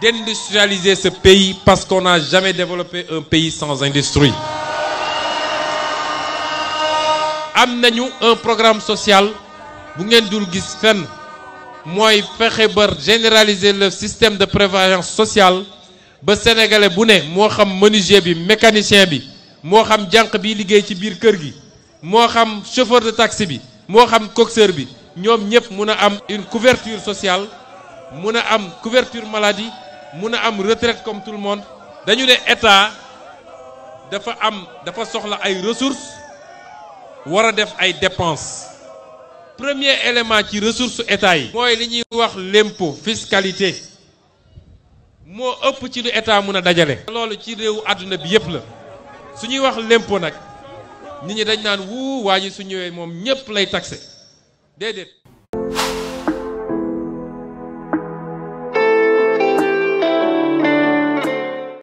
d'industrialiser ce pays parce qu'on n'a jamais développé un pays sans industrie am nañu un programme social bu ngeen dul gis fenn mooy fexe ba généraliser le système de prévoyance sociale ba sénégalais bu ne moo xam menuisier bi mécanicien bi moo xam jànq bi liggéey ci biir kër gi moo xam chauffeur de taxi bi moo xam coxeur bi ñoom ñëpp mun a am une couverture sociale mun a am couverture maladie mun a am retraite comme tout le monde dañu ne état dafa am dafa soxla ay ressources war a def ay dépenses premier élément ci ressource état yi mooy li ñuy wax l'impôt fiscalité moo ëpp ci lu état mun a dajale loolu ci réewu àdduna bi yépp la su ñuy wax lémpo nag nit ñi dañ naan wuu waa ji su ñëwee moom ñépp lay taxé déedéet